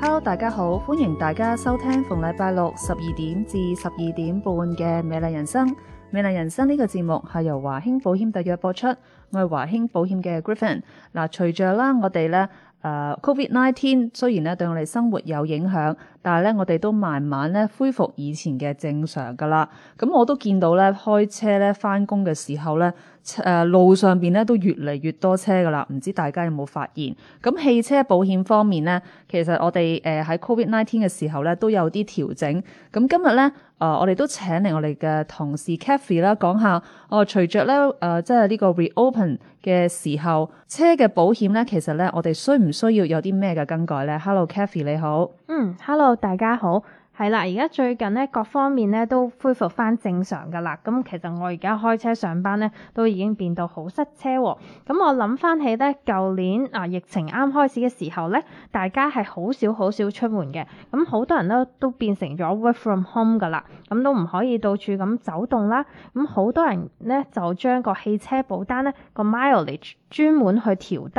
Hello，大家好，歡迎大家收聽逢禮拜六十二點至十二點半嘅《美麗人生》。《美麗人生》呢個節目係由華興保險特約播出，我係華興保險嘅 Griffin。嗱 Gr，隨着啦，我哋咧誒，Covid nineteen 雖然咧對我哋生活有影響，但係咧我哋都慢慢咧恢復以前嘅正常噶啦。咁、嗯、我都見到咧，開車咧返工嘅時候咧。誒，路上邊咧都越嚟越多車噶啦，唔知大家有冇發現？咁汽車保險方面咧，其實我哋誒喺 Covid nineteen 嘅時候咧都有啲調整。咁今日咧，誒、呃、我哋都請嚟我哋嘅同事 Kathy 啦，講下哦、呃，隨著咧誒即係呢個 reopen 嘅時候，車嘅保險咧，其實咧我哋需唔需要有啲咩嘅更改咧？Hello Kathy，你好，嗯，Hello 大家好。係啦，而家最近咧各方面咧都恢復翻正常噶啦，咁其實我而家開車上班咧都已經變到好塞車喎，咁我諗翻起咧舊年啊疫情啱開始嘅時候咧，大家係好少好少出門嘅，咁好多人咧都變成咗 work from home 噶啦，咁都唔可以到處咁走動啦，咁好多人咧就將個汽車保單咧個 mileage，專門去調低，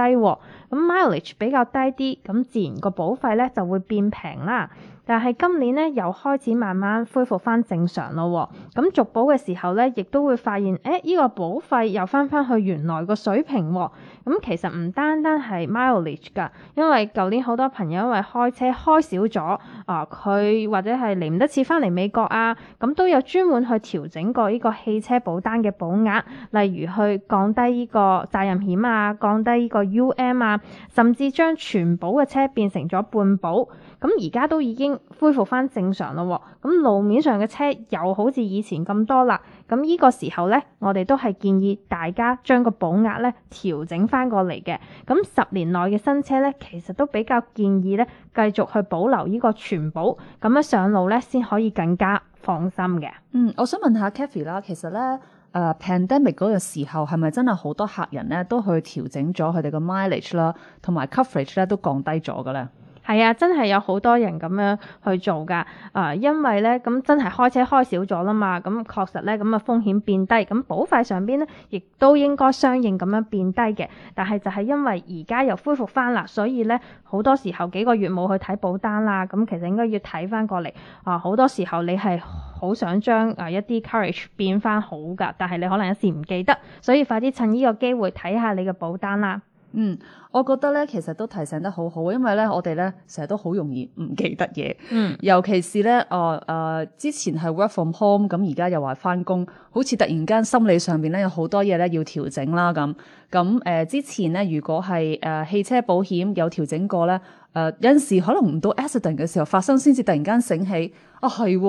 咁 mileage 比較低啲，咁自然個保費咧就會變平啦。但係今年咧又開始慢慢恢復翻正常咯。咁續保嘅時候咧，亦都會發現，誒呢個保費又翻翻去原來個水平喎。咁其實唔單單係 mileage 噶，因為舊年好多朋友因為開車開少咗，啊、呃、佢或者係嚟唔得切翻嚟美國啊，咁都有專門去調整過呢個汽車保單嘅保額，例如去降低呢個責任險。啊，降低呢個 UM 啊，甚至將全保嘅車變成咗半保，咁而家都已經恢復翻正常咯。咁路面上嘅車又好似以前咁多啦。咁、這、呢個時候呢，我哋都係建議大家將個保額呢，調整翻過嚟嘅。咁十年內嘅新車呢，其實都比較建議呢，繼續去保留呢個全保，咁樣上路呢，先可以更加放心嘅。嗯，我想問下 Kathy 啦，其實呢。誒、uh, pandemic 嗰個時候係咪真係好多客人咧都去調整咗佢哋嘅 mileage 啦，同埋 coverage 咧都降低咗嘅咧？係啊，真係有好多人咁樣去做噶，啊、呃，因為咧咁真係開車開少咗啦嘛，咁確實咧咁啊風險變低，咁保費上邊咧亦都應該相應咁樣變低嘅。但係就係因為而家又恢復翻啦，所以咧好多時候幾個月冇去睇保單啦，咁其實應該要睇翻過嚟啊。好、呃、多時候你係好想將啊一啲 coverage 變翻好噶，但係你可能有時唔記得，所以快啲趁呢個機會睇下你嘅保單啦。嗯，我覺得咧，其實都提醒得好好，因為咧，我哋咧成日都好容易唔記得嘢。嗯，尤其是咧，誒、呃、誒，之前係 work from home，咁而家又話返工，好似突然間心理上邊咧有好多嘢咧要調整啦。咁咁誒，之前咧如果係誒、呃、汽車保險有調整過咧，誒、呃、有陣時可能唔到 accident 嘅時候發生，先至突然間醒起，啊係，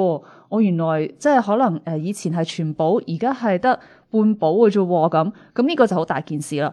我原來即係可能誒以前係全保，而家係得半保嘅啫。咁咁呢個就好大件事啦。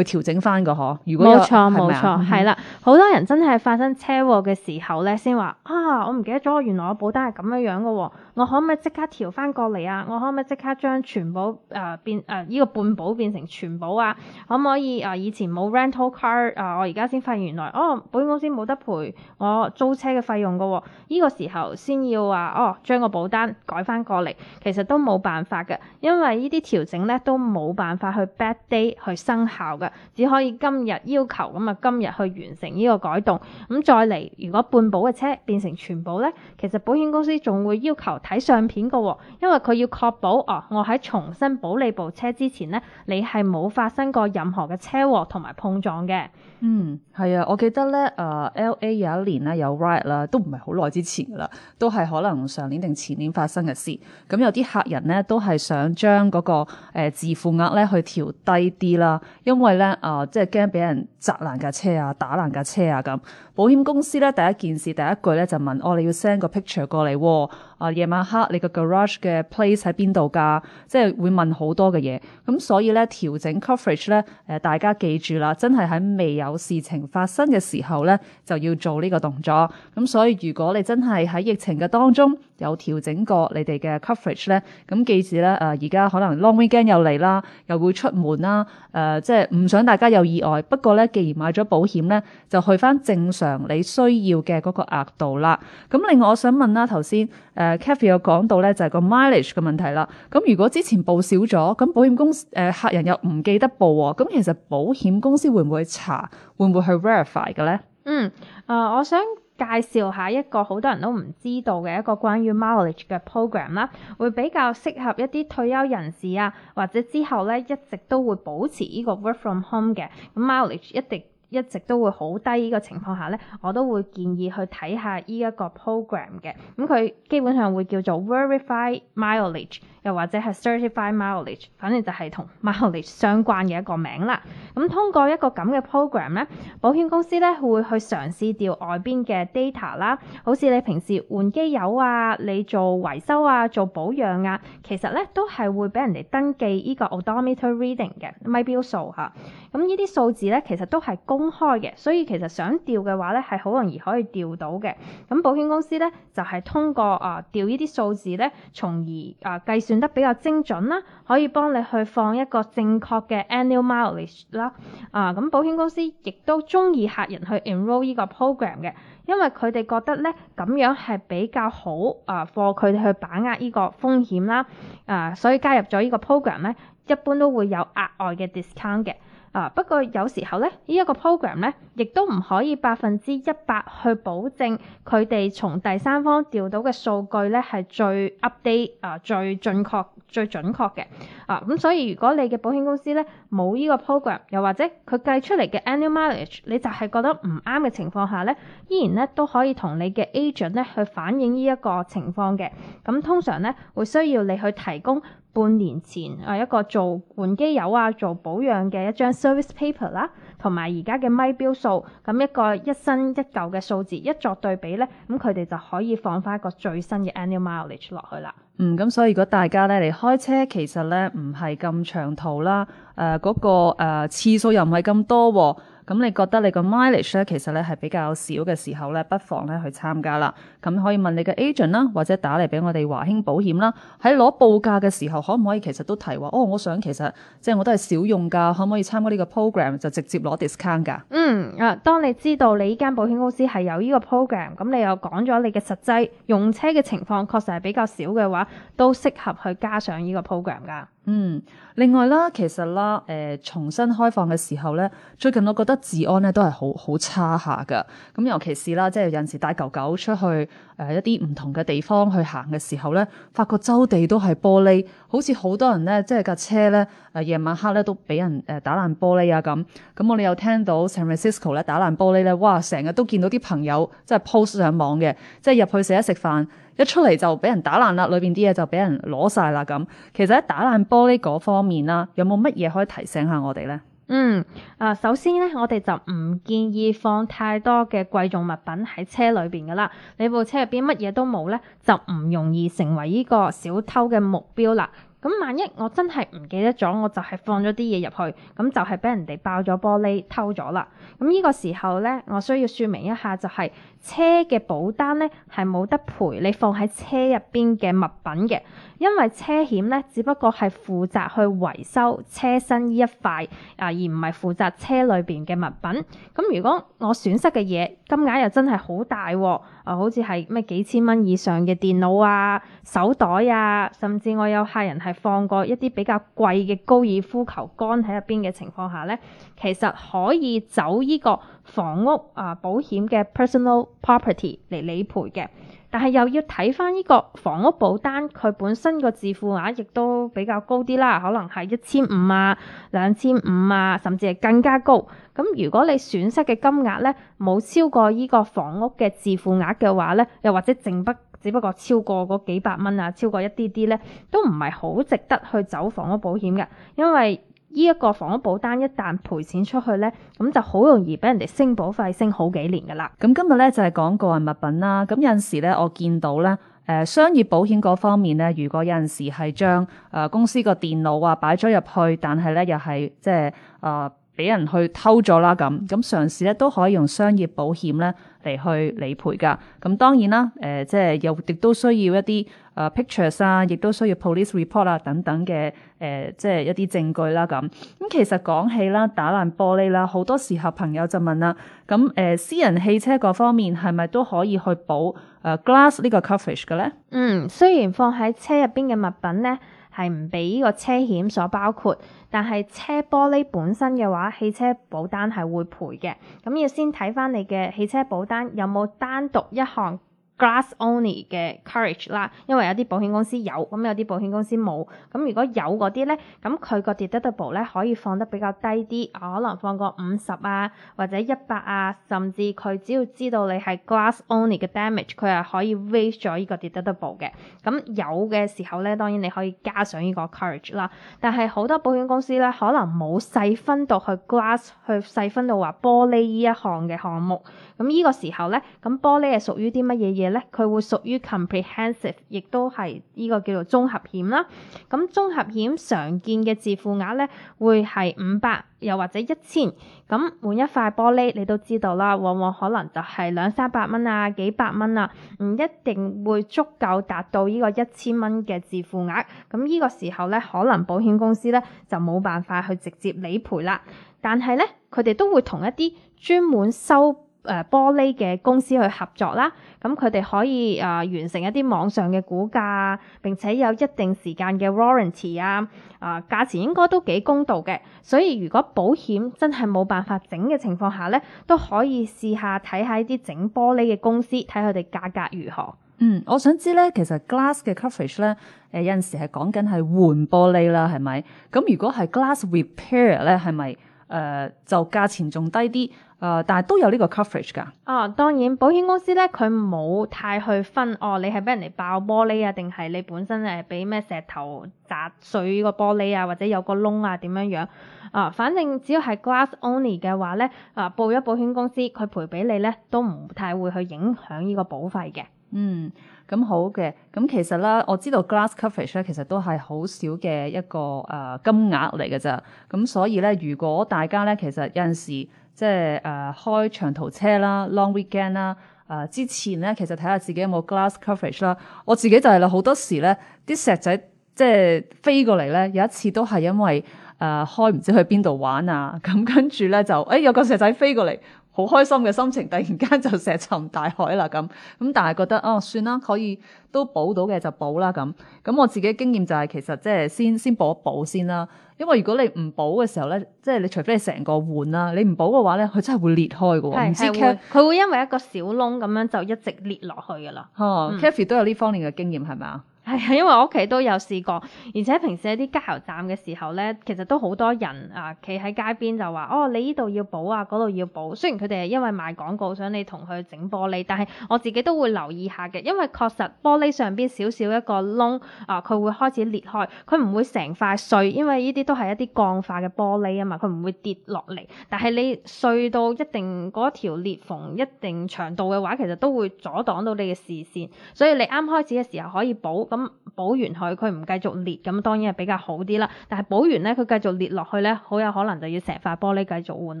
去調整翻個嗬，如果冇錯冇錯，係啦，好多人真係發生車禍嘅時候咧，先話啊，我唔記得咗，原來我保單係咁樣樣嘅，我可唔可以即刻調翻過嚟啊？我可唔可以即刻將全保誒變誒呢個半保變成全保啊？可唔可以誒以前冇 rental car 啊，我而家先發現原來哦，保險公司冇得賠我租車嘅費用嘅，呢個時候先要話哦，將個保單改翻過嚟，其實都冇辦法嘅，因為呢啲調整咧，都冇辦法去 bad day 去生效嘅。只可以今日要求咁啊，今日去完成呢個改動。咁再嚟，如果半保嘅車變成全保咧，其實保險公司仲會要求睇相片噶，因為佢要確保哦，我喺重新保你部車之前咧，你係冇發生過任何嘅車禍同埋碰撞嘅。嗯，係啊，我記得咧，誒、呃，LA 有一年咧有 riot 啦，都唔係好耐之前噶啦，都係可能上年定前年發生嘅事。咁有啲客人咧都係想將嗰個、那個誒、呃、自付額咧去調低啲啦，因為。咧啊，即係驚俾人砸爛架車啊，打爛架車啊咁。保險公司咧，第一件事，第一句咧就問我、哦、你要 send 個 picture 過嚟喎、啊。啊，夜晚黑你個 garage 嘅 place 喺邊度㗎？即係會問好多嘅嘢，咁所以咧調整 coverage 咧，誒、呃、大家記住啦，真係喺未有事情發生嘅時候咧，就要做呢個動作。咁所以如果你真係喺疫情嘅當中有調整過你哋嘅 coverage 咧，咁、嗯、記住咧，誒而家可能 long weekend 又嚟啦，又會出門啦，誒、呃、即係唔想大家有意外。不過咧，既然買咗保險咧，就去翻正常你需要嘅嗰個額度啦。咁另外我想問啦，頭先誒。呃誒 Kathy 有講到咧，就係個 mileage 嘅問題啦。咁如果之前報少咗，咁保險公司誒客人又唔記得報喎，咁其實保險公司會唔會查，會唔會去 verify 嘅咧？嗯，啊，我想介紹下一個好多人都唔知道嘅一個關於 mileage 嘅 program 啦，會比較適合一啲退休人士啊，或者之後咧一直都會保持呢個 work from home 嘅咁 mileage 一定，一直都會好低，依個情況下咧，我都會建議去睇下依一個 program 嘅。咁佢基本上會叫做 verify mileage，又或者係 certify mileage，反正就係同 mileage 相關嘅一個名啦。咁通過一個咁嘅 program 咧，保險公司咧會去嘗試調外邊嘅 data 啦，好似你平時換機油啊、你做維修啊、做保養啊，其實咧都係會俾人哋登記依個 odometer reading 嘅米表數吓啊，咁呢啲數字咧其實都係高公開嘅，所以其實想調嘅話咧，係好容易可以調到嘅。咁保險公司咧就係、是、通過啊調、呃、呢啲數字咧，從而啊計、呃、算得比較精準啦，可以幫你去放一個正確嘅 annual mileage 啦。啊、呃，咁保險公司亦都中意客人去 enroll 呢個 program 嘅，因為佢哋覺得咧咁樣係比較好啊，幫佢哋去把握呢個風險啦。啊、呃，所以加入咗呢個 program 咧，一般都會有額外嘅 discount 嘅。啊，不過有時候咧，呢一個 program 咧，亦都唔可以百分之一百去保證佢哋從第三方調到嘅數據咧係最 update 啊，最準確、最準確嘅。啊，咁、嗯、所以如果你嘅保險公司咧冇呢個 program，又或者佢計出嚟嘅 annual mileage，你就係覺得唔啱嘅情況下咧，依然咧都可以同你嘅 agent 咧去反映呢一個情況嘅。咁、嗯、通常咧會需要你去提供。半年前啊，一個做換機油啊、做保養嘅一張 service paper 啦，同埋而家嘅咪標數，咁一個一新一舊嘅數字一作對比咧，咁佢哋就可以放翻一個最新嘅 annual mileage 落去啦。嗯，咁所以如果大家咧嚟開車，其實咧唔係咁長途啦，誒嗰個誒次數又唔係咁多喎。咁你覺得你個 mileage 咧，其實咧係比較少嘅時候咧，不妨咧去參加啦。咁可以問你嘅 agent 啦，或者打嚟俾我哋華興保險啦。喺攞報價嘅時候，可唔可以其實都提話，「哦，我想其實即係我都係少用噶，可唔可以參加呢個 program 就直接攞 discount 噶？」嗯，啊，當你知道你呢間保險公司係有呢個 program，咁你又講咗你嘅實際用車嘅情況，確實係比較少嘅話，都適合去加上呢個 program 噶。嗯，另外啦，其實啦，誒、呃、重新開放嘅時候咧，最近我覺得治安咧都係好好差下㗎。咁、嗯、尤其是啦，即係有時帶狗狗出去誒、呃、一啲唔同嘅地方去行嘅時候咧，發覺周地都係玻璃，好似好多人咧，即係架車咧，誒、呃、夜晚黑咧都俾人誒打爛玻璃啊咁。咁我哋又聽到 San Francisco 咧打爛玻璃咧，哇！成日都見到啲朋友即係 post 上網嘅，即係入去食一食飯。一出嚟就俾人打爛啦，裏邊啲嘢就俾人攞晒啦咁。其實喺打爛玻璃嗰方面啦，有冇乜嘢可以提醒下我哋呢？嗯，啊、呃，首先呢，我哋就唔建議放太多嘅貴重物品喺車裏邊噶啦。你部車入邊乜嘢都冇呢，就唔容易成為呢個小偷嘅目標啦。咁萬一我真係唔記得咗，我就係放咗啲嘢入去，咁就係俾人哋爆咗玻璃偷咗啦。咁呢個時候呢，我需要説明一下就係、是。車嘅保單咧係冇得賠你放喺車入邊嘅物品嘅，因為車險咧只不過係負責去維修車身呢一塊啊，而唔係負責車裏邊嘅物品。咁如果我損失嘅嘢金額又真係好大喎，啊好似係咩幾千蚊以上嘅電腦啊、手袋啊，甚至我有客人係放過一啲比較貴嘅高爾夫球桿喺入邊嘅情況下咧，其實可以走呢個房屋啊保險嘅 personal。Property 嚟理賠嘅，但係又要睇翻呢個房屋保單佢本身個自負額亦都比較高啲啦，可能係一千五啊、兩千五啊，甚至係更加高。咁如果你損失嘅金額咧冇超過呢個房屋嘅自負額嘅話咧，又或者淨不只不過超過嗰幾百蚊啊，超過一啲啲咧，都唔係好值得去走房屋保險嘅，因為。呢一個房屋保單一旦賠錢出去咧，咁就好容易俾人哋升保費升好幾年噶啦。咁今日咧就係講個人物品啦。咁有陣時咧，我見到咧，誒、呃、商業保險嗰方面咧，如果有陣時係將誒公司個電腦啊擺咗入去，但係咧又係即係誒俾人去偷咗啦咁。咁常時咧都可以用商業保險咧嚟去理賠噶。咁當然啦，誒、呃、即係又亦都需要一啲。啊 pictures 啊，亦都需要 police report 啊等等嘅誒、呃，即係一啲證據啦咁。咁其實講起啦，打爛玻璃啦，好多時候朋友就問啦，啊、咁、啊、誒私人汽車嗰方面係咪都可以去補誒、呃、glass 呢個 coverage 嘅咧？嗯，雖然放喺車入邊嘅物品咧係唔俾呢個車險所包括，但係車玻璃本身嘅話，汽車保單係會賠嘅。咁要先睇翻你嘅汽車保單有冇單獨一項。Glass only 嘅 coverage 啦，因為有啲保險公司有，咁有啲保險公司冇。咁如果有啲咧，咁佢個 deductible 咧可以放得比較低啲，可能放個五十啊，或者一百啊，甚至佢只要知道你係 glass only 嘅 damage，佢係可以 waive 咗呢個 deductible 嘅。咁有嘅時候咧，當然你可以加上呢個 coverage 啦。但係好多保險公司咧，可能冇細分到去 glass，去細分到話玻璃呢一項嘅項目。咁呢個時候咧，咁玻璃係屬於啲乜嘢嘢？咧佢會屬於 comprehensive，亦都係呢個叫做綜合險啦。咁綜合險常見嘅自付額咧，會係五百又或者一千。咁換一塊玻璃，你都知道啦，往往可能就係兩三百蚊啊，幾百蚊啊，唔一定會足夠達到呢個一千蚊嘅自付額。咁呢個時候咧，可能保險公司咧就冇辦法去直接理賠啦。但係咧，佢哋都會同一啲專門收誒、呃、玻璃嘅公司去合作啦，咁佢哋可以誒、呃、完成一啲網上嘅估價啊，並且有一定時間嘅 warranty 啊，誒、呃、價錢應該都幾公道嘅。所以如果保險真係冇辦法整嘅情況下呢，都可以試下睇下啲整玻璃嘅公司，睇佢哋價格如何。嗯，我想知呢，其實 glass 嘅 coverage 呢，誒、呃、有陣時係講緊係換玻璃啦，係咪？咁如果係 glass repair 咧，係咪誒就價錢仲低啲？誒、呃，但係都有呢個 coverage 㗎。哦，當然保險公司咧，佢冇太去分哦，你係俾人哋爆玻璃啊，定係你本身誒俾咩石頭砸碎個玻璃啊，或者有個窿啊點樣樣啊？反正只要係 glass only 嘅話咧，啊、呃，報咗保險公司佢賠俾你咧，都唔太會去影響呢個保費嘅、嗯。嗯，咁、嗯、好嘅，咁、嗯、其實咧，我知道 glass coverage 咧，其實都係好少嘅一個誒、呃、金額嚟嘅咋。咁、嗯、所以咧，如果大家咧，其實有陣時。即係誒、呃、開長途車啦，long weekend 啦，誒、呃、之前咧，其實睇下自己有冇 glass coverage 啦，我自己就係啦，好多時咧啲石仔即係飛過嚟咧，有一次都係因為誒、呃、開唔知去邊度玩啊，咁、嗯、跟住咧就誒、欸、有個石仔飛過嚟。好開心嘅心情，突然間就石沉大海啦咁，咁但係覺得哦，算啦，可以都補到嘅就補啦咁。咁我自己經驗就係、是，其實即係先先補一補先啦。因為如果你唔補嘅時候咧，即係你除非你成個換啦，你唔補嘅話咧，佢真係會裂開噶，唔知佢佢會,會因為一個小窿咁樣就一直裂落去噶啦。哦，Cathy 都有呢方面嘅經驗係咪？係啊，因為我屋企都有試過，而且平時喺啲加油站嘅時候咧，其實都好多人啊，企喺街邊就話：哦，你呢度要補啊，嗰度要補。雖然佢哋係因為賣廣告想你同佢整玻璃，但係我自己都會留意下嘅，因為確實玻璃上邊少少一個窿啊，佢會開始裂開，佢唔會成塊碎，因為呢啲都係一啲鋼化嘅玻璃啊嘛，佢唔會跌落嚟。但係你碎到一定嗰條裂縫一定長度嘅話，其實都會阻擋到你嘅視線，所以你啱開始嘅時候可以補。咁補完佢，佢唔繼續裂，咁當然係比較好啲啦。但係補完咧，佢繼續裂落去咧，好有可能就要成塊玻璃繼續換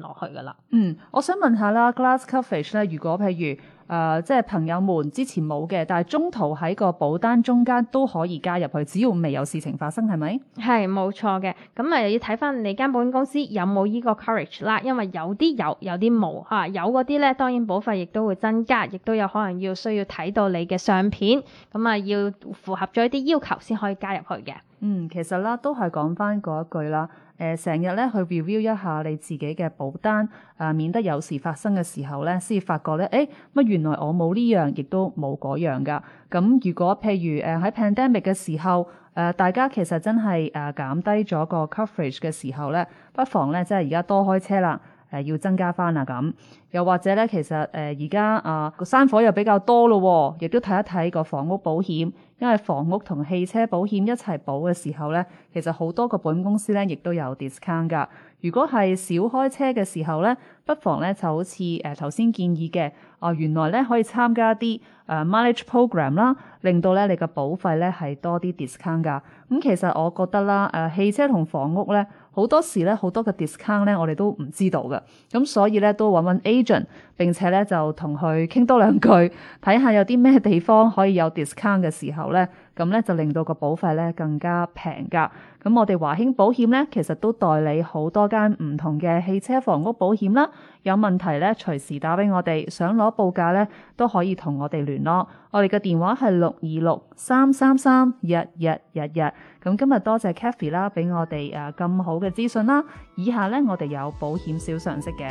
落去噶啦。嗯，我想問下啦，Glass Coverage 咧，如果譬如。誒、呃，即係朋友們之前冇嘅，但係中途喺個保單中間都可以加入去，只要未有事情發生，係咪？係，冇錯嘅。咁啊，又要睇返你間保險公司有冇呢個 coverage 啦，因為有啲有，有啲冇嚇。有嗰啲咧，當然保費亦都會增加，亦都有可能要需要睇到你嘅相片，咁啊要符合咗一啲要求先可以加入去嘅。嗯，其實啦，都係講翻嗰一句啦。誒、呃，成日咧去 review 一下你自己嘅保單，啊、呃，免得有事發生嘅時候咧，先至發覺咧，誒乜原來我冇呢樣，亦都冇嗰樣㗎。咁如果譬如誒喺、呃、pandemic 嘅時候，誒、呃、大家其實真係誒減低咗個 coverage 嘅時候咧，不妨咧即係而家多開車啦。誒要增加翻啊。咁，又或者咧，其實誒而家啊個山火又比較多咯，亦都睇一睇個房屋保險，因為房屋同汽車保險一齊保嘅時候咧，其實好多個保險公司咧亦都有 discount 噶。如果係少開車嘅時候咧。不妨咧就好似誒頭先建議嘅，啊、呃、原來咧可以參加啲誒、呃、mileage program 啦，令到咧你嘅保費咧係多啲 discount 㗎。咁、嗯、其實我覺得啦，誒、呃、汽車同房屋咧好多時咧好多嘅 discount 咧，我哋都唔知道嘅。咁、嗯、所以咧都揾揾 agent，並且咧就同佢傾多兩句，睇下有啲咩地方可以有 discount 嘅時候咧，咁、嗯、咧就令到個保費咧更加平㗎。咁、嗯、我哋華興保險咧其實都代理好多間唔同嘅汽車房屋保險啦。有問題咧，隨時打俾我哋。想攞報價咧，都可以同我哋聯絡。我哋嘅電話係六二六三三三一一一一。咁今日多謝、謝 Kathy 啦，俾我哋誒咁好嘅資訊啦。以下咧，我哋有保險小常識嘅。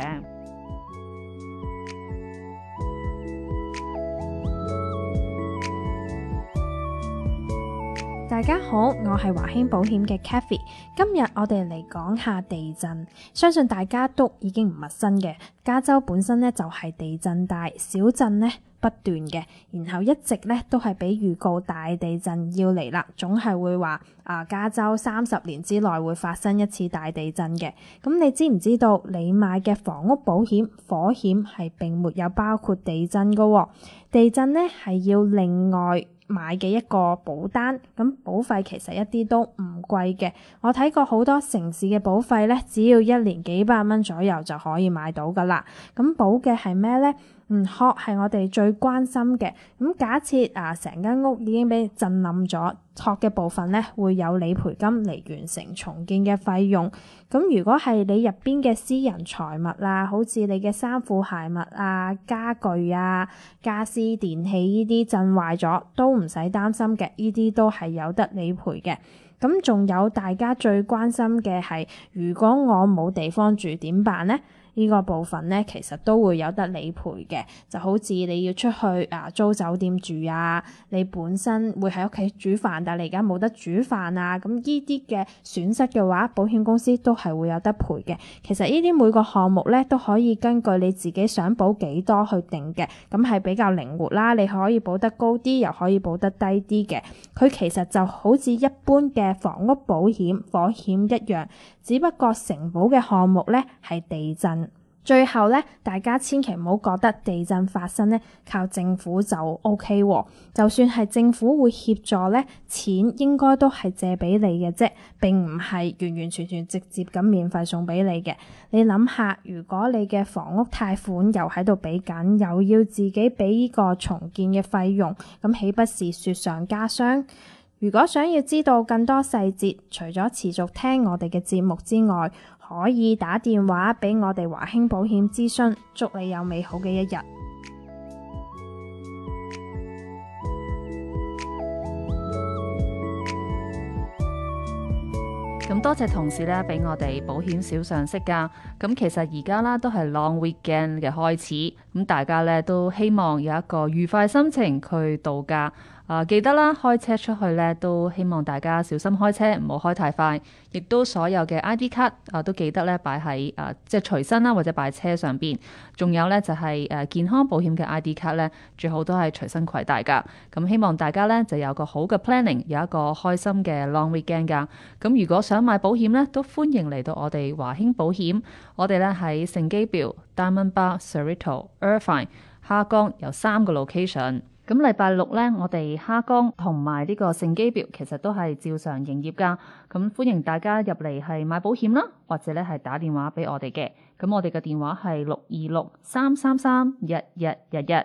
大家好，我係華興保險嘅 Cathy。今日我哋嚟講下地震，相信大家都已經唔陌生嘅。加州本身呢，就係地震帶，小鎮呢。不斷嘅，然後一直呢都係俾預告大地震要嚟啦，總係會話啊、呃、加州三十年之內會發生一次大地震嘅。咁你知唔知道你買嘅房屋保險火險係並沒有包括地震噶，哦？地震呢係要另外買嘅一個保單，咁保費其實一啲都唔貴嘅。我睇過好多城市嘅保費呢，只要一年幾百蚊左右就可以買到噶啦。咁保嘅係咩呢？嗯，殼係我哋最關心嘅。咁、嗯、假設啊，成間屋已經俾震冧咗，殼嘅部分呢會有理賠金嚟完成重建嘅費用。咁、嗯、如果係你入邊嘅私人財物啊，好似你嘅衫褲鞋襪啊、家具啊、家私、啊、電器呢啲震壞咗，都唔使擔心嘅，呢啲都係有得理賠嘅。咁、嗯、仲有大家最關心嘅係，如果我冇地方住點辦呢？呢個部分呢，其實都會有得理賠嘅，就好似你要出去啊租酒店住啊，你本身會喺屋企煮飯，但你而家冇得煮飯啊，咁呢啲嘅損失嘅話，保險公司都係會有得賠嘅。其實呢啲每個項目呢，都可以根據你自己想保幾多去定嘅，咁係比較靈活啦。你可以保得高啲，又可以保得低啲嘅。佢其實就好似一般嘅房屋保險、火險一樣。只不過承保嘅項目呢係地震。最後呢，大家千祈唔好覺得地震發生呢靠政府就 OK 啊，就算係政府會協助呢，錢應該都係借俾你嘅啫，並唔係完完全全直接咁免費送俾你嘅。你諗下，如果你嘅房屋貸款又喺度俾緊，又要自己俾呢個重建嘅費用，咁豈不是雪上加霜？如果想要知道更多細節，除咗持續聽我哋嘅節目之外，可以打電話俾我哋華興保險諮詢。祝你有美好嘅一日。咁多謝同事咧，俾我哋保險小常識噶。咁其實而家啦，都係 Long Weekend 嘅開始，咁大家咧都希望有一個愉快心情去度假。啊，記得啦，開車出去咧，都希望大家小心開車，唔好開太快。亦都所有嘅 ID 卡啊，都記得咧擺喺啊，即係隨身啦，或者擺喺車上邊。仲有咧就係、是、誒健康保險嘅 ID 卡咧，最好都係隨身攜帶噶。咁、啊、希望大家咧就有個好嘅 planning，有一個開心嘅 long weekend 噶。咁、啊、如果想買保險咧，都歡迎嚟到我哋華興保險。我哋咧喺聖蓋博、Diamond Bar、Cerritos、Irvine、哈崗有三個 location。咁禮拜六咧，我哋哈崗同埋呢個聖基表其實都係照常營業噶，咁歡迎大家入嚟係買保險啦，或者咧係打電話俾我哋嘅。咁我哋嘅電話係六二六三三三一一一一。咁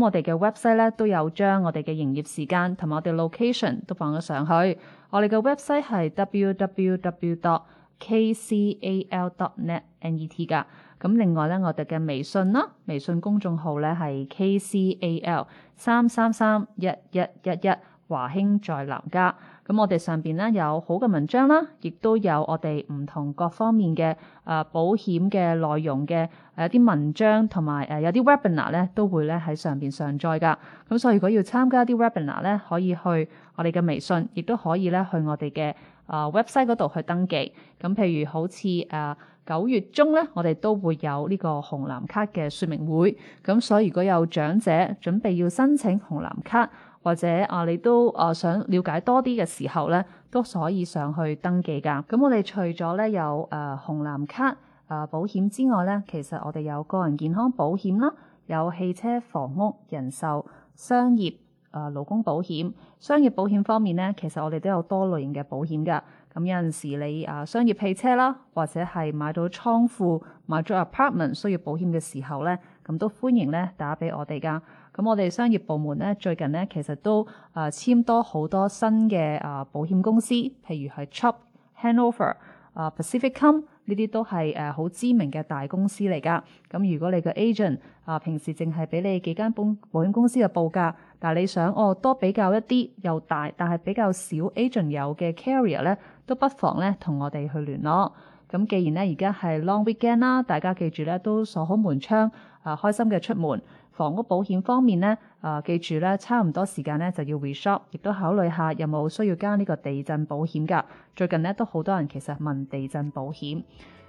我哋嘅 website 咧都有將我哋嘅營業時間同埋我哋 location 都放咗上去。我哋嘅 website 係 w w w dot k c a l dot net n e t 噶。咁另外咧，我哋嘅微信啦，微信公眾號咧係 K C A L 三三三一一一一華興在南加。咁我哋上邊咧有好嘅文章啦，亦都有我哋唔同各方面嘅誒、呃、保險嘅內容嘅誒有啲文章同埋誒有啲 webinar 咧都會咧喺上邊上載噶。咁所以如果要參加啲 webinar 咧，可以去我哋嘅微信，亦都可以咧去我哋嘅。啊，website 嗰度去登記，咁譬如好似誒九月中咧，我哋都會有呢個紅藍卡嘅說明會，咁所以如果有長者準備要申請紅藍卡，或者啊你都誒、啊、想了解多啲嘅時候咧，都所可以上去登記噶。咁我哋除咗咧有誒、啊、紅藍卡誒、啊、保險之外咧，其實我哋有個人健康保險啦，有汽車、房屋、人壽、商業。誒勞工保險、商業保險方面咧，其實我哋都有多類型嘅保險噶。咁有陣時你誒、啊、商業汽車啦，或者係買到倉庫、買咗 apartment 需要保險嘅時候咧，咁都歡迎咧打俾我哋噶。咁我哋商業部門咧最近咧其實都誒、啊、簽多好多新嘅誒、啊、保險公司，譬如係 Chubb、Hanover、啊、誒 Pacificum。呢啲都係誒好知名嘅大公司嚟㗎，咁如果你個 agent 啊平時淨係俾你幾間保保險公司嘅報價，但係你想哦多比較一啲又大但係比較少 agent 有嘅 carrier 咧，都不妨咧同我哋去聯絡。咁既然咧而家係 long weekend 啦，大家記住咧都鎖好門窗，啊開心嘅出門。房屋保險方面咧，啊、呃，記住咧，差唔多時間咧就要 reshop，亦都考慮下有冇需要加呢個地震保險㗎。最近咧都好多人其實問地震保險。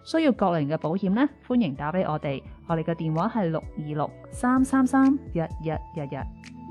需要各類嘅保險咧，歡迎打俾我哋，我哋嘅電話係六二六三三三一一一一。